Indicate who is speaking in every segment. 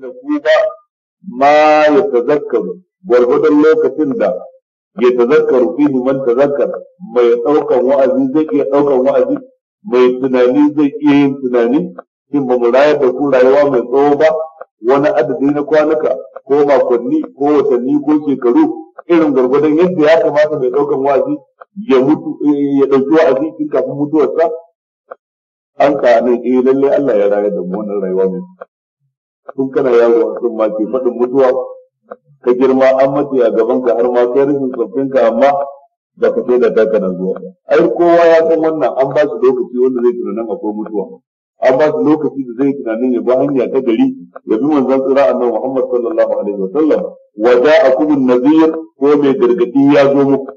Speaker 1: da ku ba ma ya tazakkaru gwargwadon lokacin da ya tazakkaru fihi man tazakkar mai ɗaukan wa'azi zai iya ɗaukan wa'azi mai tunani zai iya yin tunani shin ba mu rayar da ku rayuwa mai tsawo ba wani adadi na kwanuka ko makonni ko watanni ko shekaru irin gwargwadon yadda ya kamata mai ɗaukan wa'azi ya mutu ya ɗauki wa'azi tun kafin mutuwarsa an ka ne eh lallai Allah ya rayar da mu wannan rayuwa mai tun kana yaro a cikin ma ke faɗin mutuwa ka girma an mace a gaban ka har ma kai rashin tsoffin ka amma ba ka sai da taka na zuwa ai kowa ya san wannan an ba shi lokaci wanda zai tunanin akwai mutuwa an ba shi lokaci da zai tunanin ya ba hanya ta gari ya bi manzon tsira annabi Muhammad sallallahu alaihi wa sallam wa a kubun nadhir ko mai gargadi ya zo muku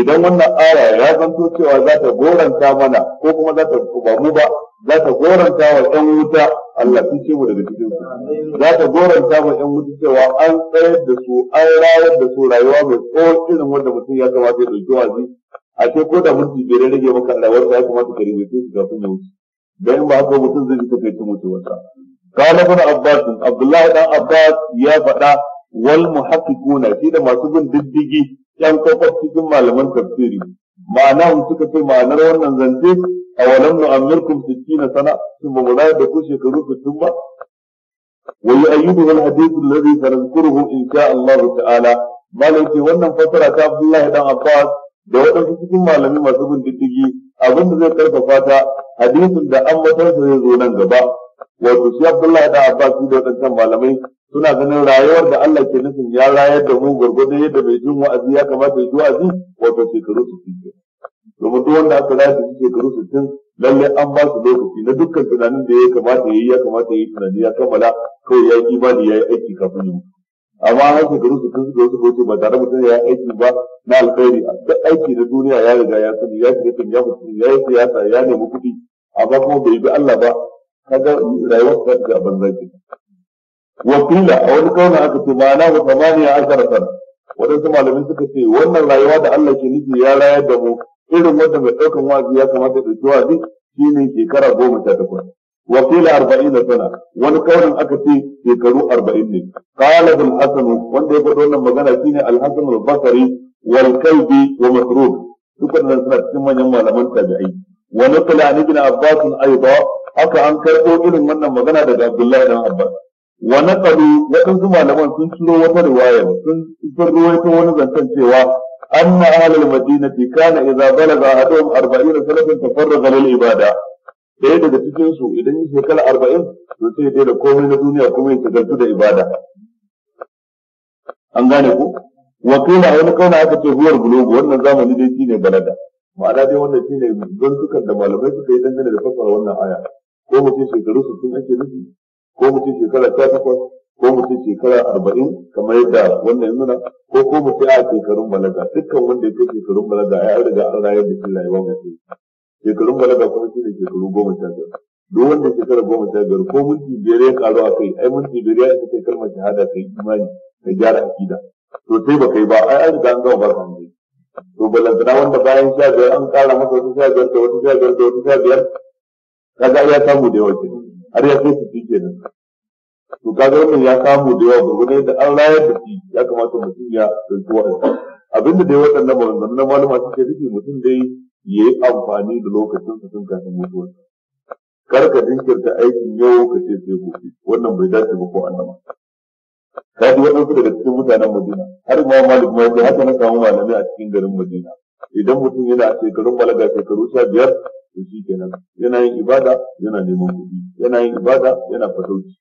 Speaker 1: idan wannan aya ya zanto cewa za ta goranta mana ko kuma za ta ba mu ba za ta goranta wa ɗan wuta Allah sun ce mu daga cikin su za ta goranta ma 'yan mutu cewa an tsayar da su an rayar da su rayuwa mai tsohon irin wanda mutum ya kamata ya ɗauki wazi a ce ko da minti bai rage maka rayuwar ya kamata ka rage su ga ya wuce dan ba haka mutum zai ta kai mutuwarsa قال ابن عباس abdullah dan abbas ya faɗa wal والمحققون shi da masu bin diddigi yan kofar cikin malaman tafsiri ma'ana suka ce ma'anar wannan zance awalam nu'ammirkum 60 sana sun ba mu da ku shekaru 60 ba Wai ayyuhu al hadithu alladhi sanadkuruhu in sha Allah ta'ala malai ce wannan fasara ta Abdullah dan Abbas da waɗansu cikin malami masu bin diddigi abinda zai karfafa fata. hadisin da an matar zai zo nan gaba wato shi Abdullah dan Abbas da waɗancan malamai suna ganin rayuwar da Allah ke nufin ya rayar da mu gurgurdan yadda mai jin wa'azi ya kamata ya ji wa'azi wato shekaru 60 domin duk wanda aka rashi su shekaru sittin lalle an ba su lokaci na dukkan tunanin da ya kamata ya yi ya kamata ya yi tunani ya kammala kawai ya yi imani ya yi aiki kafin yi amma har shekaru sittin suka wasu wuce ba tare mutum ya yi aiki ba na alkhairi duk aiki na duniya ya riga ya sani ya shiga kan ya ya yi siyasa ya nemi kuɗi amma kuma bai bi Allah ba kaga rayuwar ta ga banza ke wakila a wani kauna aka ce ma'ana ba tsamaniya asara sana waɗansu malamin suka ce wannan rayuwa da Allah ke nufi ya rayar da mu irin wanda mai ɗaukan wazi ya kamata ɗauki wazi shi ne shekara goma sha takwas wakila arba'in da sana wani kaurin aka ce shekaru arba'in ne qala bil wanda ya faɗi wannan magana shine ne hasan al wal kalbi wa masrur dukkan suna cikin manyan malaman tabi'ai wani naqala an ibn abbas aidan haka an karɓo irin wannan magana daga abdullahi dan abbas wani Kadu, waɗansu malaman sun ciro wata riwaya sun sun ruwaito wani zancen cewa An halar ahlul madinati kana idza balaga da 40 tafar da lil ibada ɗaya daga cikin su idan yi shekara arba'in to sai dai da komai na duniya kuma ya shagaltu da ibada an gane ku wakila wani kauna aka ce huwar bulogu, wannan zamani dai shine balada ma'ana dai wannan shine zantukan da malamai suka yi dangane da fasara wannan aya ko mutum shekaru sun ake nufi ko mutum shekara ta takwas ko mutum shekara arba'in kamar yadda wannan nuna ko ko mutum a shekarun balaga dukkan wanda ya kai shekarun balaga ya yi riga an rayar da shi rayuwa mutum shekarun balaga kuma shi ne shekaru goma sha biyar duk wanda shekara goma sha biyar ko mutum biyar ya karu a kai ai mutum biyar ya isa kai kalmar shahada kai imani kai gyara akida to sai ba kai ba ai an riga an gama barka ne to balantana wanda bayan sha biyar an kara masa wata sha biyar da wata sha biyar da wata sha biyar kaga ya samu da yawa kenan har ya kai su kenan to kaga wannan ya kamu da yawa gurgurda da an rayar da shi ya kamata mutum ya dauki wa'azi abinda dai waɗannan maganganu na malama suke rufe mutum dai ya yi amfani da lokacin su tun kafin mutuwa kar ka jinkirta aikin yau ka ce sai gobe wannan bai dace ba ko annaba ka ji waɗansu daga cikin mutanen Madina har ma malik ma yake haka na samu malami a cikin garin Madina idan mutum yana shekarun balaga shekaru sha biyar to shi kenan yana yin ibada yana neman kuɗi yana yin ibada yana fatauci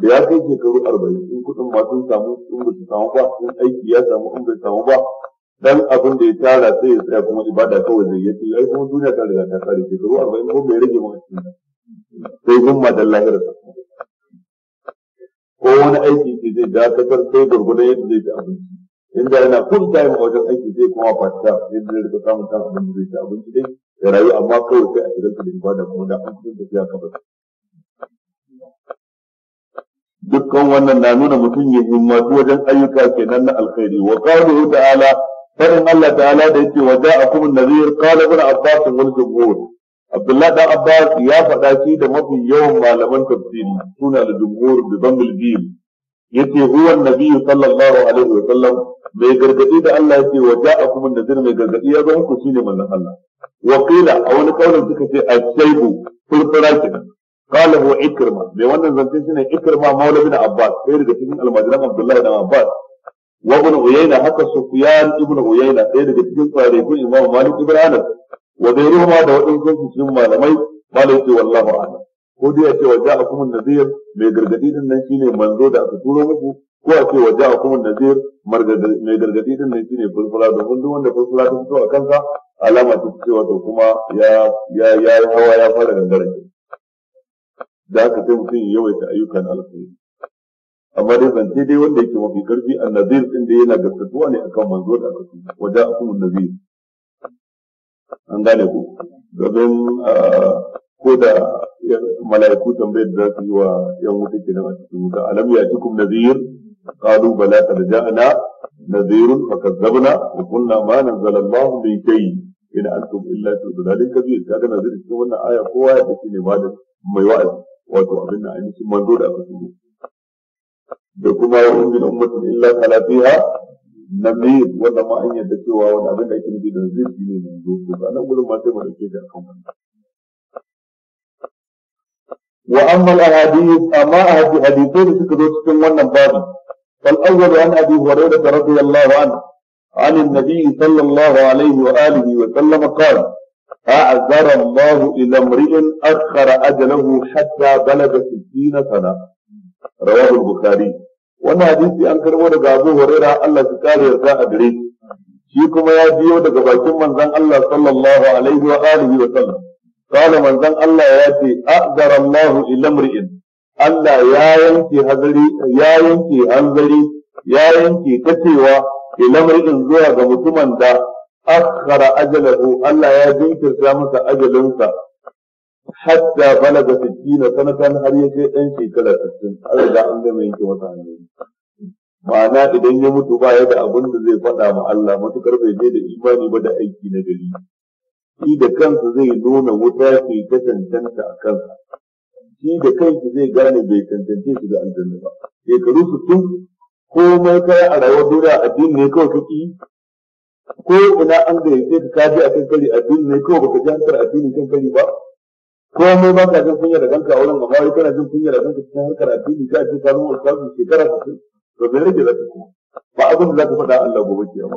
Speaker 1: da ya kai shekaru arba'in in kuɗin ma sun samu in ba su samu ba in aiki ya samu in bai samu ba dan abin da ya tara sai ya tsaya kuma ibada kawai zai yace ai kuma duniya ta riga ta tsare shekaru arba'in ko bai rage maka cikin sai ma da lahira ko wani aiki ke zai dakatar sai gurgudan yadda zai ci abinci inda yana full time a wajen aiki zai kuma fata yadda zai rika samun kan abin da zai ci abinci dai ya rayu amma kawai sai a shiga su da kuma da an tafiya kabar dukkan wannan na nuna mutum ya himmatu wajen ayyuka kenan na alkhairi wa qalu ta'ala farin Allah ta'ala da yake wa ja'akum an-nadhir qala ibn abbas wal jumhur abdullah da abbas ya faɗa shi da mafi yawan malaman tafsiri suna da jumhur da zammil bil yace huwa annabi sallallahu alaihi wa sallam mai gargadi da Allah yake wa ja'akum an-nadhir mai gargadi ya zo muku shine manzon Allah wa qila a wani kaulin suka ce as-saybu furfura kenan qala huwa mai wannan zance shine ikrima maula bin abbas sai daga cikin almajiran abdullahi bin abbas wa ibn uyayna haka sufyan ibn uyayna sai daga cikin tsarefin imam malik ibn anas wa bayruhuma da wadansu cikin malamai malai ce wallahu a'lam ko dai ya ce wa ja'akum an Nazir mai gargadi din nan shine manzo da aka turo muku ko a ce wa ja'akum an Nazir mai gargadi din nan shine fulfula da duk wanda fulfula ta fito a kansa alama ta cewa to kuma ya ya ya hawa ya fara gangaren da aka sai mutum ya yawaita ayyukan alkhairi amma dai zance dai wanda yake mafi karfi nazir din da yana gaskatuwa ne akan manzo da aka ci waje kuma Nazir. an gane ku domin ah, ko da mala'iku tambayar da za su yi wa yan wuta kenan a cikin wuta alam ya cikum nadhir qalu bala qad ja'ana nadhirun fakazzabna wa kunna ma nazzala Allah min shay'in in antum illa tudlalin kabir kaga nazir cikin wannan aya kowa ya tafi ne ma da mai wa'azi wato abin da ainihin manzo da aka tuno da kuma yawan min ummatin illa kala fiha namir wannan ma an yadda cewa wani abin da ake nufi da nazir shine manzo to nan gudun ma sai mu dauke da akan wannan وأما الأحاديث أما أحاديثين سكتوا سكن ونن بابي فالأول عن أبي هريرة رضي الله عنه عن النبي صلى الله عليه وآله وسلم قال أعذر الله إلى امرئ أخر أجله حتى بلغ ستين سنة رواه البخاري wannan hadisi an karbo daga Abu Huraira Allah ya kare yarda a gare shi kuma ya biyo daga bakin manzon Allah sallallahu alaihi wa alihi wa sallam قال Allah ya ce ياتي أقدر الله Allah ya yanke hazari ya yanke hanzari ya yanke kacewa ila mar'in zuwa ga mutumin da akhara ajalahu Allah ya jinkirta masa ajalinsa hatta balaga 60 sanatan har ya kai dan shekara 60 Allah da an gama yanke wata hanzari ma'ana idan ya mutu ba ya da abin da zai faɗa ma Allah matukar bai je da imani ba da aiki na gari shi da kansa zai nuna wuta ke ta cancanta a kansa shi da kanki zai gane bai cancance su da aljanna ba shekaru su tun komai kaya a rayuwar a addini ne kawai kake yi ko ina an da yake ka kaji a kan kari addini ne kawai baka ji hankar addini kan kari ba komai ba ka jin kunya da kanka a wurin amma kana jin kunya da kanka cikin harkar addini ka ce ka zama ustazu shekara 50 to me rage za ka kuma ba abin da za ka faɗa Allah gobe kiyama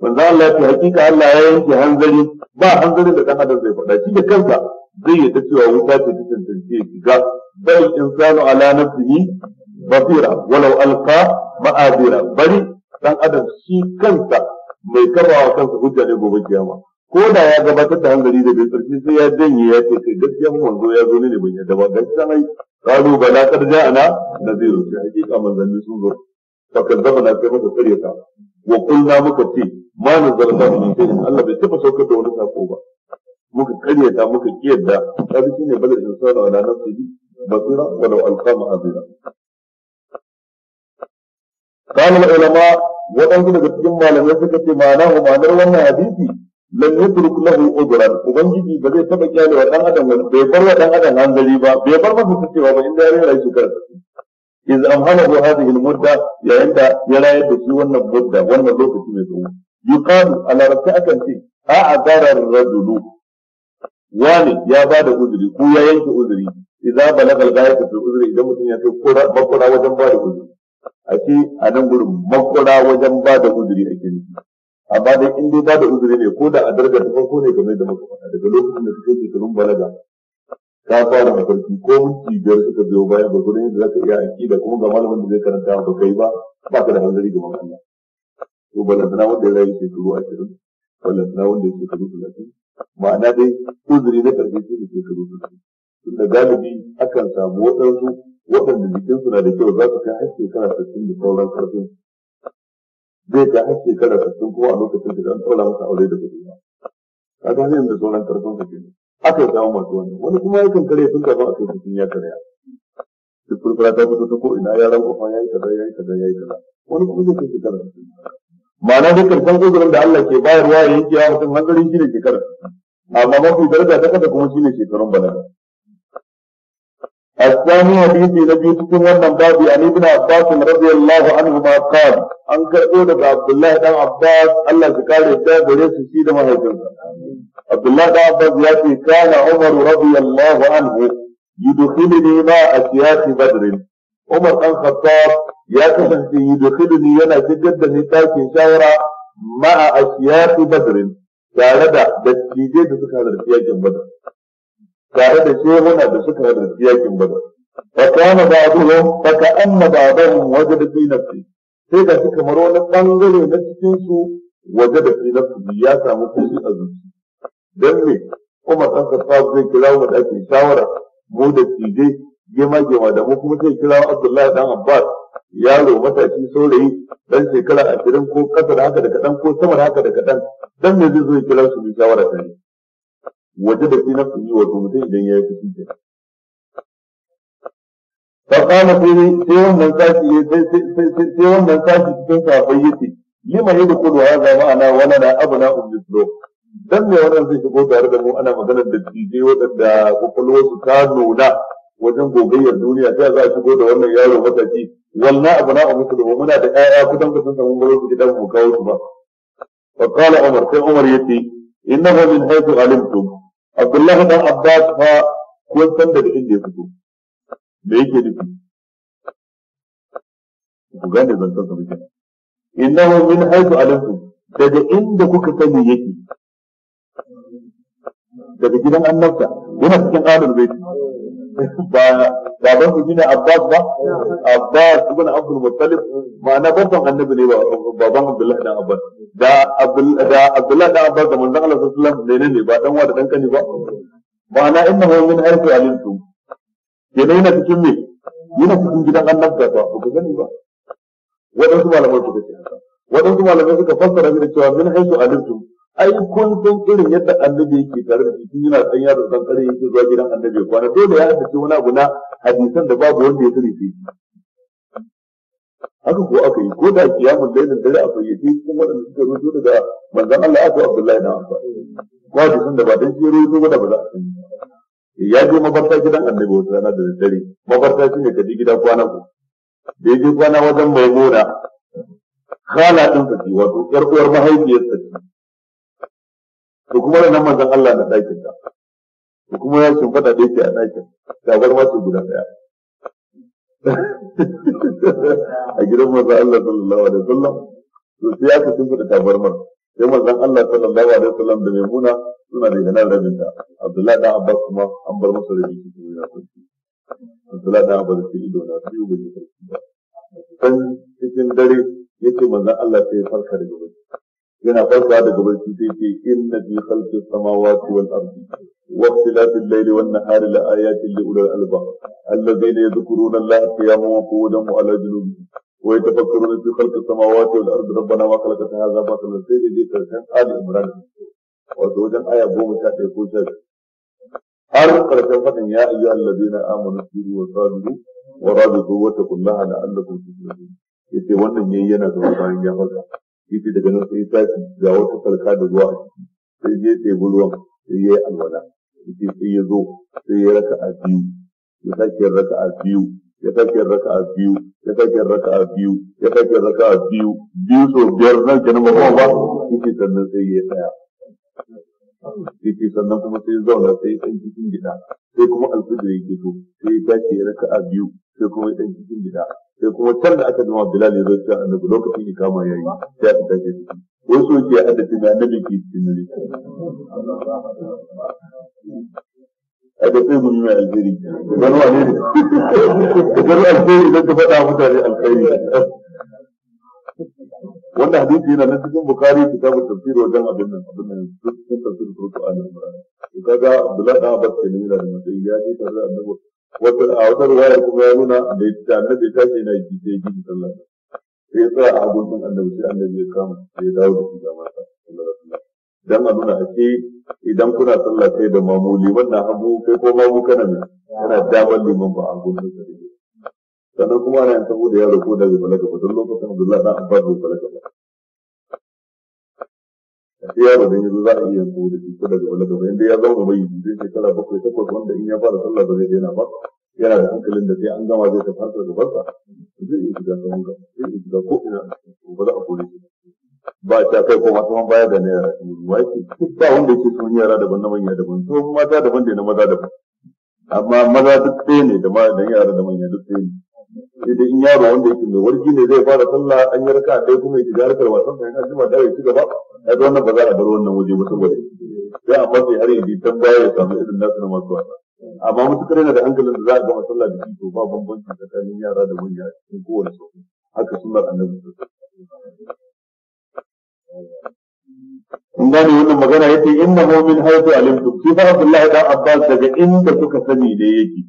Speaker 1: manzo Allah ya hakika Allah ya yanke hanzari ba hanzari da dan adam zai faɗa shi da kansa zai yi ta cewa wuta ce ta tantance shiga bal insanu ala nafsihi basira walau alqa ma'adira bari dan adam shi kansa mai karrawa kansa hujja ne gobe kiyama ko da ya gabatar da hanzari da bai sarki sai ya danye ya ce kai gaskiya mun wanzo ya zo ne ban yadda ba gaskiya mai kalu bala kadja ana nadiru sai hakika manzanni sun zo فكذبنا في مكة قرية وقلنا مكة في ما نزل الله من شيء الله بيتفى سوكة ونسى قوبة مكة قرية مكة كيدة هذه شيء بدأ الإنسان على نفسه بصيرة ولو ألقى معذرة قال العلماء waɗansu daga cikin malamai suka ce ma'ana ma'anar wannan hadisi lam yutruk lahu udran ubangiji ba zai taba kyale wa dan bai bar wa dan adam hanzari ba bai bar masa cewa ba inda ya iz amhanahu hadhihi al-mudda yayin da ya rayar da shi wannan mudda wannan lokaci mai tsawo yuqalu a larabci akan ce a azara rajulu wani ya ba da uzuri ko ya yanke uzuri ba na al-ghayata fil uzuri idan mutum ya kai kora makura wajen ba da uzuri ake a nan gurin makura wajen ba da uzuri ake nufi amma dai in dai ba da uzuri ne ko da a darajar ko farko ne game da muka faɗa daga lokacin da suke shekarun balaga ka fara mafarki ko minti biyar suka biyo bayan ba gudun yadda zaka iya aiki da kuma ga malamin da zai karanta ba kai ba ba ka da hanzari ga Allah to balantana wanda ya rayu shekaru ashirin balantana wanda ya shekaru talatin ma'ana dai uzuri na karfe shi ne shekaru talatin tunda galibi akan samu waɗansu waɗanda jikinsu na da kyau za su kai har shekara sassin da sauran karfin zai kai har shekara sassin kuma a lokacin da an ɗaura masa aure da kuɗi ba kaga zai da sauran karfin ke kenan aka yi samun masu wani wani kuma yakan kare sun kafin a kai sun ya karya duk furfura ta fito ta ko'ina ya ran kwan ya yi kaza ya yi kaza ya yi kaza wani kuma zai kai shekara ma'ana da karfan uzurin da Allah ke bayarwa ya yanke wa mutum hanzari shi ne shekara amma mafi daraja ta kasa kuma shi ne shekarun balaga الثاني حديث نبي صلى wannan babu an ibn Abbas radiyallahu anhu ma qala an karbo daga Abdullah dan Abbas Allah ya kare da gare su shi da Abdullahi da Abbas ya ce kana Umar radiyallahu anhu yudkhiluni ma akiyati badr Umar Ɗan Khattab ya kasance yudkhiluni yana shigar da ni takin shawara ma akiyati badr tare da dattijai da suka halarci yakin badar tare da da suka فكان بعضهم فكأن بعضهم وجد في نفسه sai ga shi kamar wani bangare na cikinsu waje da ya samu kushi a don me Umar ɗan Khattab zai kira mu da ke shawara mu da tije gema gema da mu kuma zai kira Abdullahi dan Abbas yaro matashi saurayi dan shekara 20 ko kasa da haka da kadan ko sama da haka da kadan dan me zai zo ya kira su mu shawara ta ne waje da kina na su yi wa mutum idan ya yi fushi ke sai سيدي سيوم من ساشي سيوم من ساشي cikin safai yace lima yadkhulu hadha ma'ana na lana ummi mithluh dan me wannan zai shigo tare da mu ana maganar da dijai waɗanda kwakwalwarsu ta nuna wajen gogayyar duniya ta za a shigo da wannan yaro mataki wallah abu na abu da muna da ƴaƴa kudan kusan samu baro su gidan mu kawo su ba fa qala umar sai umar yace innahu min haythu alimtu abdullahi dan abbas fa kun san daga inda ya fito me yake nufi ku gane zan san sabu innahu min haythu alimtu, daga inda kuka sani yake daga gidan annabta yana cikin alul bait ba baban su shine Abbas ba Abbas ibn Abdul Muttalib ma'ana babban annabi ne ba baban Abdullahi dan Abbas da da Abdullahi dan Abbas da manzon Allah sallallahu alaihi wasallam ne ne ba dan wa da dan kani ba ma'ana huwa min arfi alintu yana yana cikin me yana cikin gidan annabta ba ku gani ba wadansu malamai suka ce wadansu malamai suka fassara shi da cewa min haisu alintu ai kun san irin yadda annabi yake tare da shi yana san yaro san kare yake zuwa gidan annabi kwana dole ya haddace wani abu na hadisan da babu wanda ya sani sai haka ko aka yi ko da kiyamun lailin dare a fayyace cikin waɗanda suka rubuto daga manzan Allah ya Abdullahi na amsa ko hadisan da ba dan shi rubuto ba da ba za a sani eh, ya je mabarta gidan annabi wata rana da daddare mabarta shi ne ka ji gida kwana ko da ya je kwana wajen maimuna khala din sa wato yar mahaifiyar mahaifiyarsa ce to kuma da manzon Allah na ɗakin ta to kuma ya shimfada da dake a ɗakin ga garma su guda ɗaya a gidan manzon Allah sallallahu alaihi wasallam to sai aka da tabarmar sai manzon Allah sallallahu alaihi wasallam da Maimuna suna da nan rabin ta Abdullahi da Abbas kuma an bar masa rabin shi ne Abdullahi da Abbas ke ido na biyu bai yi sarki ba cikin dare yake manzon Allah sai ya farka daga yana farka daga barci sai ce inna fi khalqis samawati wal ardi wa ikhtilafil layli wan nahari la ayatin li ulil albab alladhina yadhkuruna allaha qiyaman wa qu'udan wa ala junubihim wa yatafakkaruna fi khalqis samawati wal ardi rabbana ma khalaqta hadha batilan sai dai karshen ali imran wato wajen aya goma sha ɗaya ko sha har karshen fadin ya ayyu alladhina amanu sabiru wa sabiru wa rabitu wa taqullaha la'allakum tuflihun yace wannan yayi yana zama bayan ya farka yake daga nan sai tashi ga wata sarka da ruwa sai je ruwan sai ya alwala yake sai ya zo sai ya raka a biyu ya sake raka a biyu ya sake raka a biyu ya sake raka a biyu ya sake raka a biyu biyu sau biyar nan kenan ba ba yake sannan sai ya yi ɗaya yake sannan kuma sai zauna sai ya ɗan cikin gida sai kuma alfijir ya fito sai ya tashi ya raka a biyu sai kuma ya ɗan cikin gida sai kuma can da aka zama bilal ya zo cewa annabi lokacin ya kama ya yi sai aka tashi ciki wasu ke adadin da annabi ke cikin dare a da sai gumi mai alheri idan wane ne idan alheri idan ka faɗa mutane alheri wanda hadisi yana nan cikin bukari kitabu tafsir wajen abin nan abin nan cikin tafsir suratu ali imran to kaga abdullahi da abbas ke nuna da matsayi ya je tare da annabi wata a wata riwaya kuma ya nuna da annabi ta ce yana gije gije sallah sai ya tsaya a abokin annabi sai annabi ya kama sai ya dawo da shi ga mata dan a nuna ake idan kuna sallah sai da mamuli wannan abu kai ko mamu kana ne kana damar liman ba a gurin sai sannan kuma ana yin saboda yaro ko da bai gaba ba don lokacin Abdullahi dan Abbas bai gaba. ba ce yaro da yanzu za a iya saboda shi ko da bai balaga ba inda ya zama bai yi zai shekara bakwai takwas wanda in ya fara sallah ba zai daina ba yana da hankalin da sai an gama zai tafi harkar gabansa zai iya shiga ta wanga zai iya shiga ko ina ba za a kore shi ba ta kai ko masu man baya da na yara ruwa ke ba wanda ke yi yara daban na manya daban to mata daban da na maza daban amma maza duk ɗaya ne da yara da manya duk ɗaya ne sai dai in yaro wanda yake mai warki ne zai fara sallah an yi raka dai kuma ya shiga harkar wasan sai an jima da ya ci gaba kaga wannan ba za a bar wannan waje ba saboda sai Amma sai har yanzu can baya ya samu irin nasu na masu wasa amma mutukar yana da hankalin da za a gama sallah da shi to ba bambanci tsakanin yara da manya cikin kowane sau haka sunnar annabi in gane wannan magana yace inna mu'min haythu alimtu fi fadlillah da abbas daga inda suka sani da yake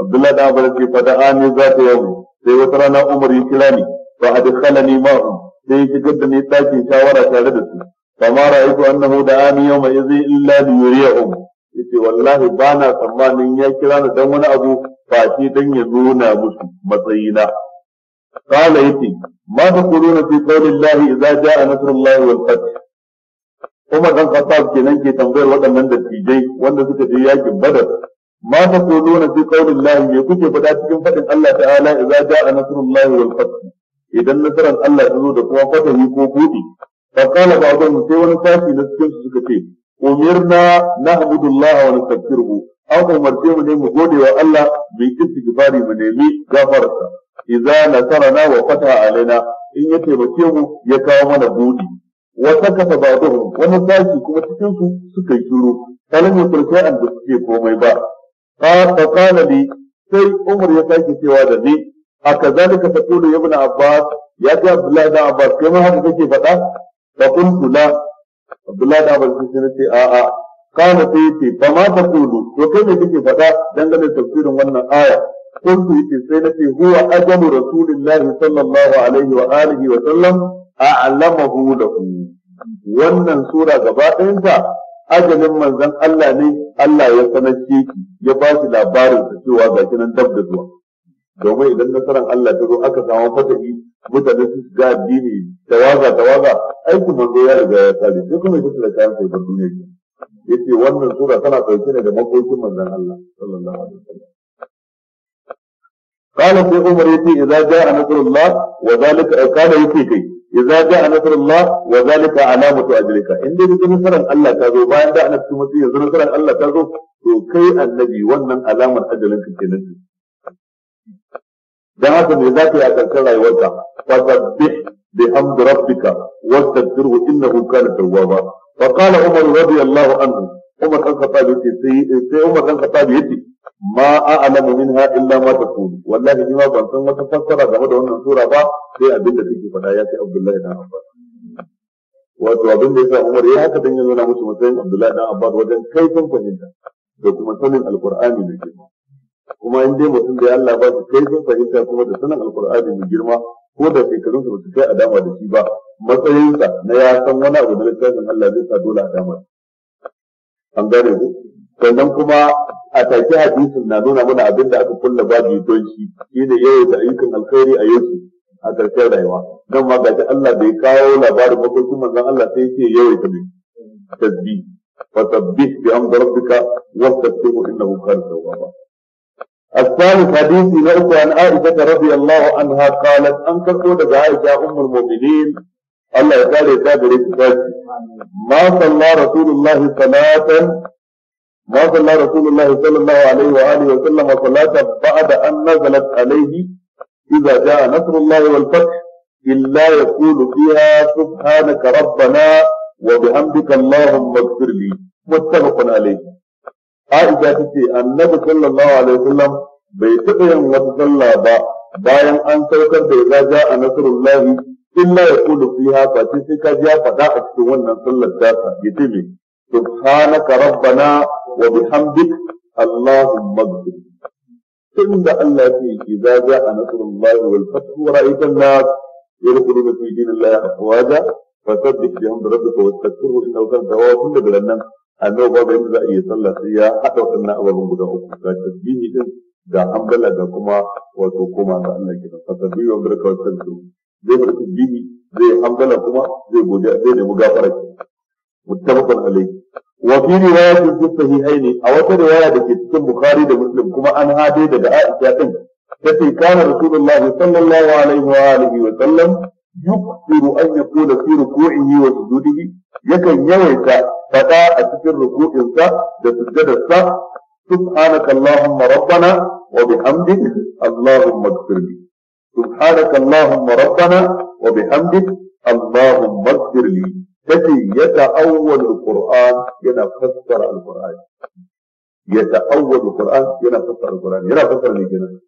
Speaker 1: abdullahi da abar ce da da'ani za ta yau sai wata rana umar ya kira ni fa adkhalani ma'u sai ya shigar da ni ɗakin shawara tare da su fama ra'aytu annahu da'ani yawma idhi illa li yuriyahum yace wallahi bana tsammanin ya kira ni dan wani abu ba shi dan ya nuna musu matsayina qala yace ma taquluna fi qawlillahi idza jaa nasrullahi wal fath Umar dan Khattab kenan ke tambayar waɗannan dattijai wanda suka je yakin Badar ma ta kulu na fi kaunin lahi me kuke faɗa cikin faɗin Allah ta'ala idza ja'a nasrullahi wal fath idan nasaran Allah ta zo da kuma fatahi ko buɗi fa qala ba'dhum sai wani sashi na cikin suka ce na umirna nahmudullaha wa nastaghfiruhu an umarce mu ne mu gode wa Allah mai yi istighfari mu nemi gafararsa nasara na wa fataha alaina in ya taimake mu ya kawo mana buɗi wa ba ba'dhum wani sashi kuma cikinsu su suka yi shiru kalan ya kurkai an da suke komai ba فقال لي sai Umar ya sake cewa da ni a kazalika taqulu ibn Abbas ya ce Abdullah ibn Abbas kai ma haka kake faɗa fa qultu la Abdullah ibn Abbas sai ce a a sai ce fa ma taqulu kai ne kake faɗa dangane da tafsirin wannan aya qultu yace sai nace huwa ajalu rasulillah sallallahu alaihi wa sallam wannan sura gaba ajalin manzon Allah ne Allah ya sanar ya ba shi labarin da cewa ga nan dab da zuwa domin idan nasaran Allah ta zo aka samu fatadi mutane su ga addini tawaza tawaza aikin manzo ya riga ya kare sai kuma shi da kayan sai duniya ne yace wannan sura tana dauke ne da makokin manzon Allah sallallahu alaihi wasallam قال في عمر يتي إذا جاء نصر الله وذلك قال يتي إذا جاء نصر الله وذلك علامة أجلك إن دي دي نصر الله كذو با إن دي نصر مسيح نصر الله كذو تو كي ونن علامة أجلك في نجي ده هذا من ذاك يا تنكر لا يوجع فسبح بحمد ربك واستغفره إنه كان توابا فقال عمر رضي الله عنه عمر كان خطاب يتي سي عمر كان خطاب يتي ma a'lamu minha illa ma taqulu wallahi ni ma ban san wata fassara game da wannan sura ba sai abin da take faɗa ya sai Abdullahi dan Abbas wato abin da yasa Umar ya haka dan ya nuna musu matsayin Abdullahi dan Abbas wajen kaifin fahimta da kuma sanin alqur'ani da girma kuma in dai mutum da ya Allah ba su kaifin fahimta kuma da sanin alqur'ani da girma ko da shekarun su su kai a dama da shi ba matsayinsa na ya san wani abu da littafin Allah zai sa dole a dama an gane ku sannan kuma a take hadisin na nuna mana abin da aka kulla babu don shi shine yawaita ayyukan alkhairi a yau a ƙarshen rayuwa nan ma gashi Allah bai kawo labarin makokin manzon Allah sai ce yawaita ne tasbih fa tabbih bi amri rabbika wastaghfiru innahu kana tawwaba الثالث حديث نرجو عن عائشة رضي الله عنها قالت أنت قد عائشة أم المؤمنين الله تعالى تابر ما صلى رسول الله صلاة ما صلى رسول الله صلى الله عليه وآله وسلم صلاة بعد أن نزلت عليه إذا جاء نصر الله والفتح إلا يقول فيها سبحانك ربنا وبحمدك اللهم اغفر لي متفق عليه عائشة تتي النبي صلى الله عليه وسلم بيتقيم وتصلى با bayan an saukar da ya ja a nasarullahi illa ya kulu fiha fa sai ka ja fada a cikin wannan sallar da ta yace subhanaka rabbana wa bihamdik allahumma ighfir tunda Allah ya ce idza ja'a nasrullahi wal fath wa ra'aita an-nas yadkhuluna fi dinillahi afwaja fasabbih bihamdi rabbika wastaghfirhu innahu kana tawwabun daga nan annabi babu yadda za a iya sallah sai ya haɗa waɗannan ababen guda uku ga tasbihi din ga hamdala da kuma wato koma ga Allah ke da tasbihi wa barka wa sallu zai bar tasbihi zai kuma zai متفق عليه وفي رواية في الصحيحين أو رواية في البخاري ومسلم كما أن هذه عائشة التي كان رسول الله صلى الله عليه وآله وسلم يكثر أن يقول في ركوعه وسجوده يكن يويك فتا أتكر ركوعك لسجدك سبحانك اللهم ربنا وبحمدك اللهم اغفر لي سبحانك اللهم ربنا وبحمدك اللهم اغفر لي تتي يتأول القرآن ينفسر القرآن يتأول القرآن ينفسر القرآن ينفسر الجنة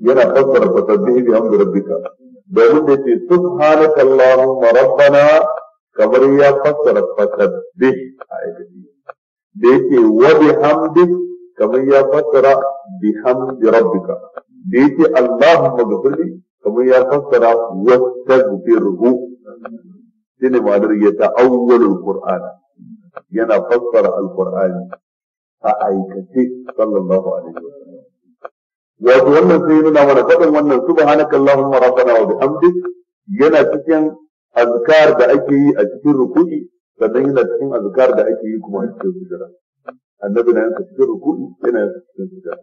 Speaker 1: ينفسر فتبه بحمد ربك domin da ce subhanaka allahumma rabbana kamar ya fassara fatabbi a aikaci da yake wa bihamdik kamar ya fassara bihamdi rabbika da yake allahumma gafirli kamar ya fassara wastaghfirhu shine ma'anar ya ta'awwalul qur'ana yana fassara alqur'ani a aikace sallallahu alaihi wasallam wato wannan sai nuna mana faɗin wannan subhanakallahumma rabbana wa bihamdik yana cikin azkar da ake yi a cikin ruku'i sannan yana cikin azkar da ake yi kuma a cikin sujada annabi na yanka cikin ruku'i yana yanka cikin sujada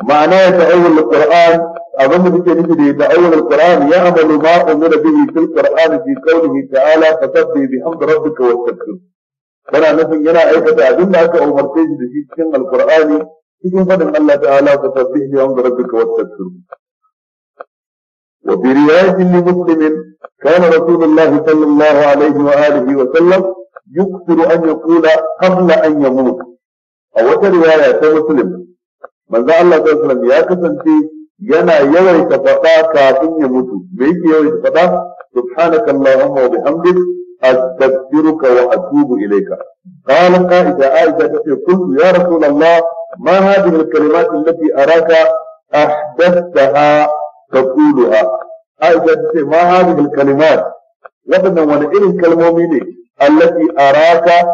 Speaker 1: ma'ana ya ta'awwalul qur'an أظن بكلمه بأول القرآن يعمل ما أمر به في القرآن في قوله تعالى فتبدي بحمد ربك واستكبر. فلا نفي يلا أي كتاب أدل لك أو مرتين في من القرآن يكون فضل الله تعالى فتبدي بحمد ربك واستكبر. وفي رواية لمسلم كان رسول الله صلى الله عليه وآله وسلم يكثر أن يقول قبل أن يموت. أو رواية مسلم. من ذا الله تعالى يا كسنتي yana yawaita faɗa kafin ya mutu me yake yawaita faɗa subhanaka allahumma wa bihamdik أستغفرك وأتوب إليك قال قائد عائشة قلت يا رسول الله ما هذه الكلمات التي أراك أحدثتها تقولها عائشة ما هذه الكلمات وقد ونئن الكلمة التي أراك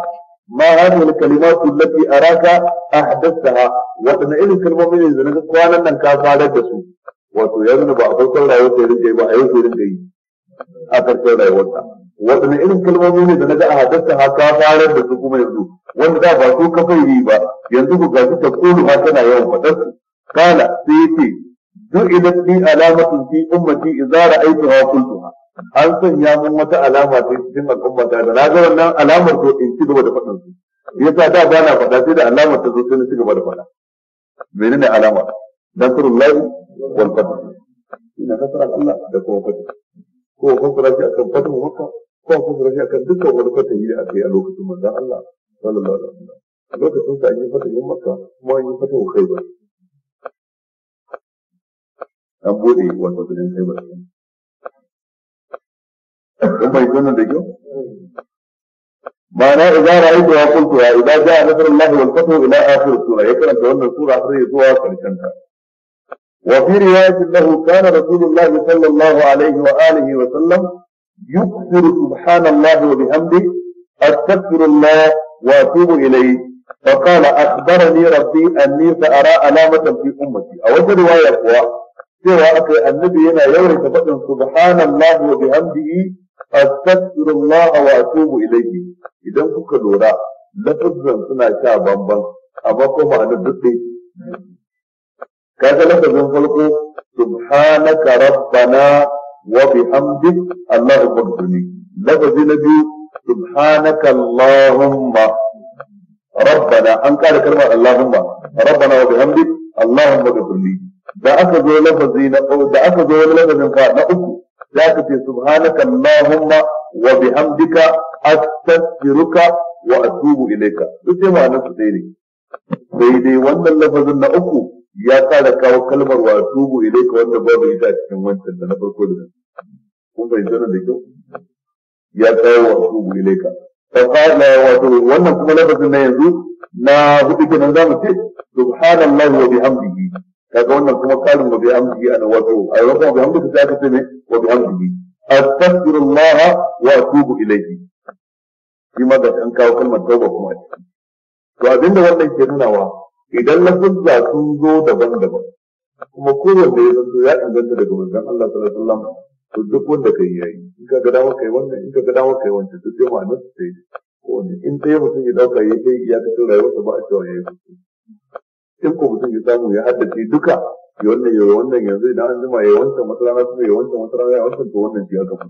Speaker 1: ma hadhihi al-kalimatu allati araka ahdathaha wadanne irin kalmomi ne da kwanan nan ka fara da su wato ya zama ba a farkon rayuwar sai rinka ba a yau sai rinka yi a farkon rayuwarsa wadanne irin kalmomi ne da naga ahdathaha ka fara da su kuma yanzu wanda da ba su ka yi ba yanzu ku gashi tana yawan fadar kala sai yace du'ilat li alamatun fi ummati zara aiki qultuha an sanya mun wata alama ta cikin al'umma ta da ga wannan alamar to in ci gaba da faɗin su sa da ba na faɗa sai da alamar ta zo sai na ci gaba da faɗa menene alama Dan nasrullahi wal fath ina kasar Allah da kowa fath ko ko kura shi akan fath makka ko ko kura shi akan dukkan wani fatahi da aka yi a lokacin manzon Allah sallallahu alaihi wasallam a lokacin sa an yi fatahin makka kuma an yi fatahu khaybar an bude wato gidan khaybar هم يكونوا ديجو معنى إذا رأيت وقلت إذا جاء نذر الله والفتح إلى آخر السورة يكرم تقول نصور آخر يسوع فلسنها وفي رواية له كان رسول الله صلى الله عليه وآله وسلم يكثر سبحان الله وبحمده أستغفر الله وأتوب إليه فقال أخبرني ربي أني سأرى علامة في أمتي أود رواية هو سوى أخي النبي هنا يورث يوري سبحان الله وبحمده astaghfirullah wa atubu ilayhi idan kuka lura lafazan suna sha bamban amma ko ma'anar duk dai kaga lafazin farko subhanaka rabbana wa bihamdik allahumma ighfirli lafazi na biyu subhanaka allahumma rabbana an kare allahumma rabbana wa bihamdik allahumma da aka zo lafazi na da aka zo lafazin ka na uku za ka ce subhanaka allahumma wa bihamdika astaghfiruka wa atubu ilayka duk sai ma'anar su dai ne sai dai wannan lafazin na uku ya kara kawo kalmar wa atubu ilayka wanda babu ita a cikin wancan da na farko da kun fahimta da kyau ya kawo wa atubu ilayka fa qala wato wannan kuma lafazin na yanzu na hudu kenan zamu ce subhanallahi wa bihamdihi kaga wannan kuma karin wa bihamdihi ana wato a yau kuma bihamdihi sai aka ce ne wa bihamdihi astaghfirullah wa atubu ilayhi shi ma da an kawo kalmar tauba kuma to abinda wannan ke nunawa idan na lafuzza sun zo daban-daban kuma kowanne ya zanto ya inganta daga manzon Allah sallallahu alaihi wasallam to duk wanda kai yayi in ka ga dawo kai wannan in ka ga dawo kai wancan duk dai ma'anar sai ko in dai mutum ya dauka yayi sai ya kace rayuwarsa ba a cewa yayi in ko mutum ya samu ya haddace duka ya wannan ya wannan yanzu idan an zuma ya wancan wata rana kuma ya wancan wata rana ya wancan to wannan shi haka mutum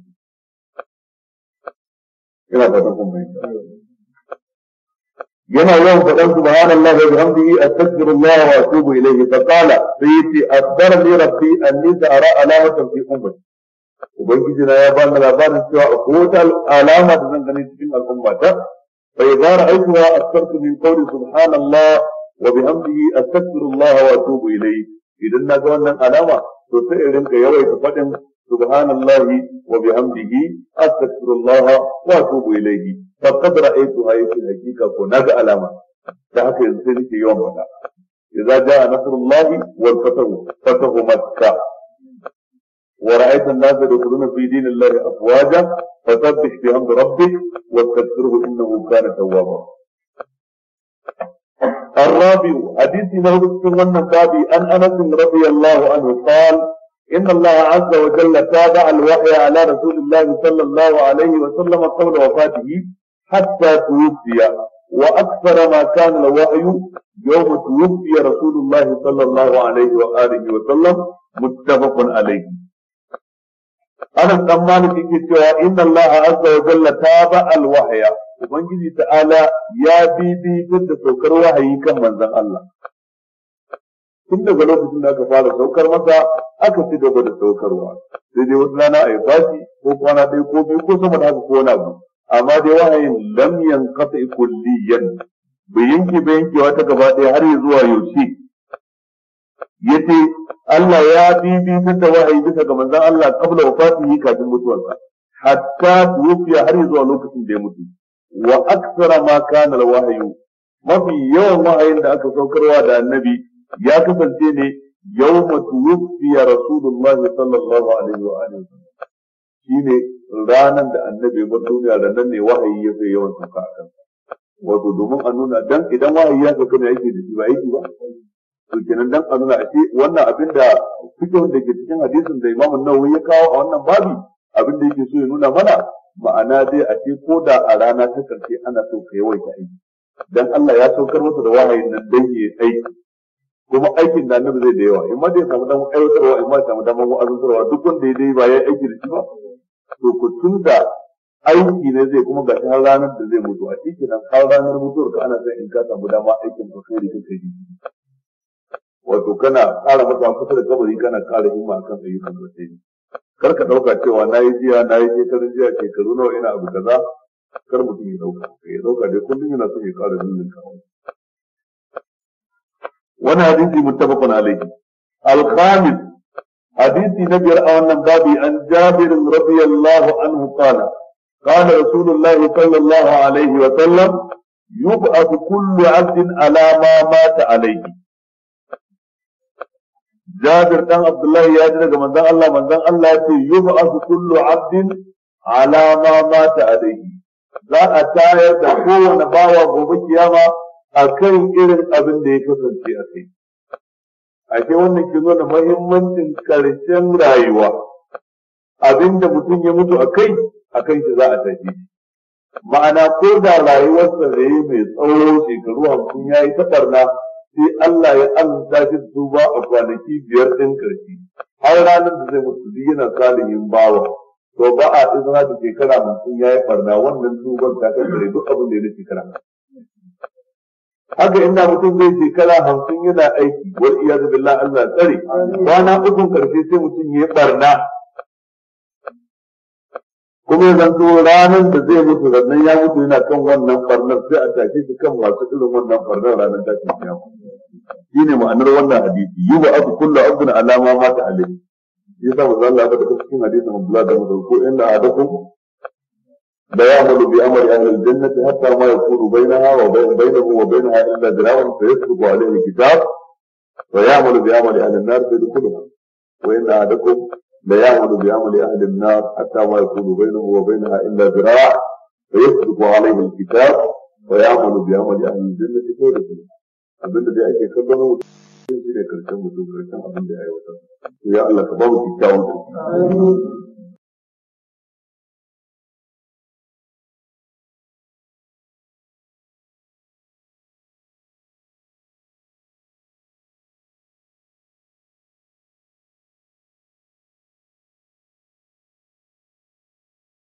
Speaker 1: ina fatan kun fahimta yana yawan faɗan subhanallah wa bihamdihi astaghfirullah wa atubu ilayhi fa qala sayyidi akhbarani rabbi anni sa'ara alamatan fi ummati ubangiji na ya bani labarin cewa akwai alama da zan gani cikin al'ummata fa idza ra'aytuha astaghfiru min qawli subhanallah وبأمره أستغفر الله وأتوب إليه إذا نجا من ألاما تسألن كيوي تفتن سبحان الله وبأمره أستغفر الله وأتوب إليه فقد رأيت هاي في الحقيقة فنجا ألاما تحكي إنسان في يوم هذا إذا جاء نصر الله والفتح فتح مكة ورأيت الناس يدخلون في دين الله أفواجا فسبح بحمد ربك واستغفره إنه كان توابا الرابع حديث له من باب أن أنس رضي الله عنه قال إن الله عز وجل تابع الوحي على رسول الله صلى الله عليه وسلم قبل وفاته حتى توفي وأكثر ما كان الوحي يوم توفي رسول الله صلى الله عليه وآله وسلم متفق عليه أنا الأمان في إن الله عز وجل تابع الوحي ubangiji ta'ala ya duk da saukar wahayi kan manzan Allah tun daga lokacin da aka fara saukar masa aka ci gaba da saukarwa sai dai wasu rana a yi fashi ko kwana ɗaya ko biyu ko sama da haka ko wani abu amma dai wahayin lam yanqata kulliyan bai yanke ba yankewa ta gaba ɗaya har zuwa yaushe yace Allah ya duk da wahayi bisa ga manzan Allah kabla wafatihi kafin mutuwarsa hatta tuwfiya har zuwa lokacin da ya mutu wa akthara ma kana alwahyu mafi yawan wahayin da aka saukarwa da annabi ya kasance ne yawma tuwfiya rasulullahi sallallahu alaihi wa alihi shine ranan da annabi ya bar duniya da nan ne wahayi ya fi yawan sauka a kansa wato domin a nuna dan idan wahayi ya sauka ne yake da shi ba yake ba to kenan dan a nuna ashe wannan abin da cikin da ke cikin hadisin da Imam Nawawi ya kawo a wannan babi abin da yake so ya nuna mana ma'ana dai a ce ko da a rana ta karshe ana so ka yawaita aiki dan Allah ya saukar masa da wahayin nan dan yi aiki kuma aikin da annabi zai da yawa in ma da samu damar aiwatarwa in ma samu damar wa'azantarwa duk wanda ya dai ba ya aiki da shi ba to ku tunda aiki ne zai kuma gashi har ranar da zai mutu a cikin nan har ranar mutuwar ka ana son in ka samu dama aikin ka kai da kai wato kana ƙara masa kusa da kabari kana ƙara himma akan ayyukan da kai kar ka ɗauka cewa na yi jiya na yi shekarun jiya shekaru nawa ina abu kaza kar mutum ya ɗauka ya ɗauka dai kullum yana so ya ƙara lullun kawo wani hadisi muttafaqun alayhi al-khamis hadisi na biyar a wannan babi an jabir radiyallahu anhu qala قال رسول الله صلى الله عليه وسلم يبعث كل عبد على ما مات عليه Jabir dan Abdullahi ya ji daga manzon Allah manzon Allah ya ce yub'asu kullu 'abdin ala ma mata alayhi za a tayar da kowane bawa gobe kiyama akan irin abin da ya kasance a kai ake wannan ke nuna mahimmancin karshen rayuwa abinda mutum ya mutu a kai shi za a tafi ma'ana ko da rayuwarsa da yi mai tsawo shekaru hamsin ya yi ta sai Allah ya azurta shi duba a kwanaki biyar ɗin ƙarshe har ranar da zai mutu duk yana salihin bawa to ba a zama da shekara hamsin ya yi ɓarna wannan duban ta kankare duk abin da ya na shekara haka inda mutum zai shekara hamsin yana aiki wal iyadu billah Allah tsare kwana ukun karshe sai mutum ya yi ɓarna kuma ya zanto ranar da zai mutu sannan ya mutu yana kan wannan farnar sai a take shi kan masu irin wannan farnar ranar tashin kiyama shi ne ma'anar wannan hadisi yi ba aku kullu abdun alama ma ta alai ya sa manzo Allah ba da cikin hadisin Abdullah da Musa ko inna adakum da ya amalu bi amri ahli aljannati hatta ma yakunu bainaha wa bainahu wa bainaha illa dirawun fa yasbiqu alayhi alkitab wa ya'malu bi amri ahli an-nar fa yadkhuluha wa inna adakum لا يعمل بعمل اهل النار حتى ما يكون بينه وبينها الا ذراع فيسبق عليه الكتاب ويعمل بعمل اهل الجنه دون ذراع. ابن الذي ايش يكبر ويسبق عليه الكتاب ويسبق عليه الكتاب ويسبق عليه الكتاب ويسبق عليه الكتاب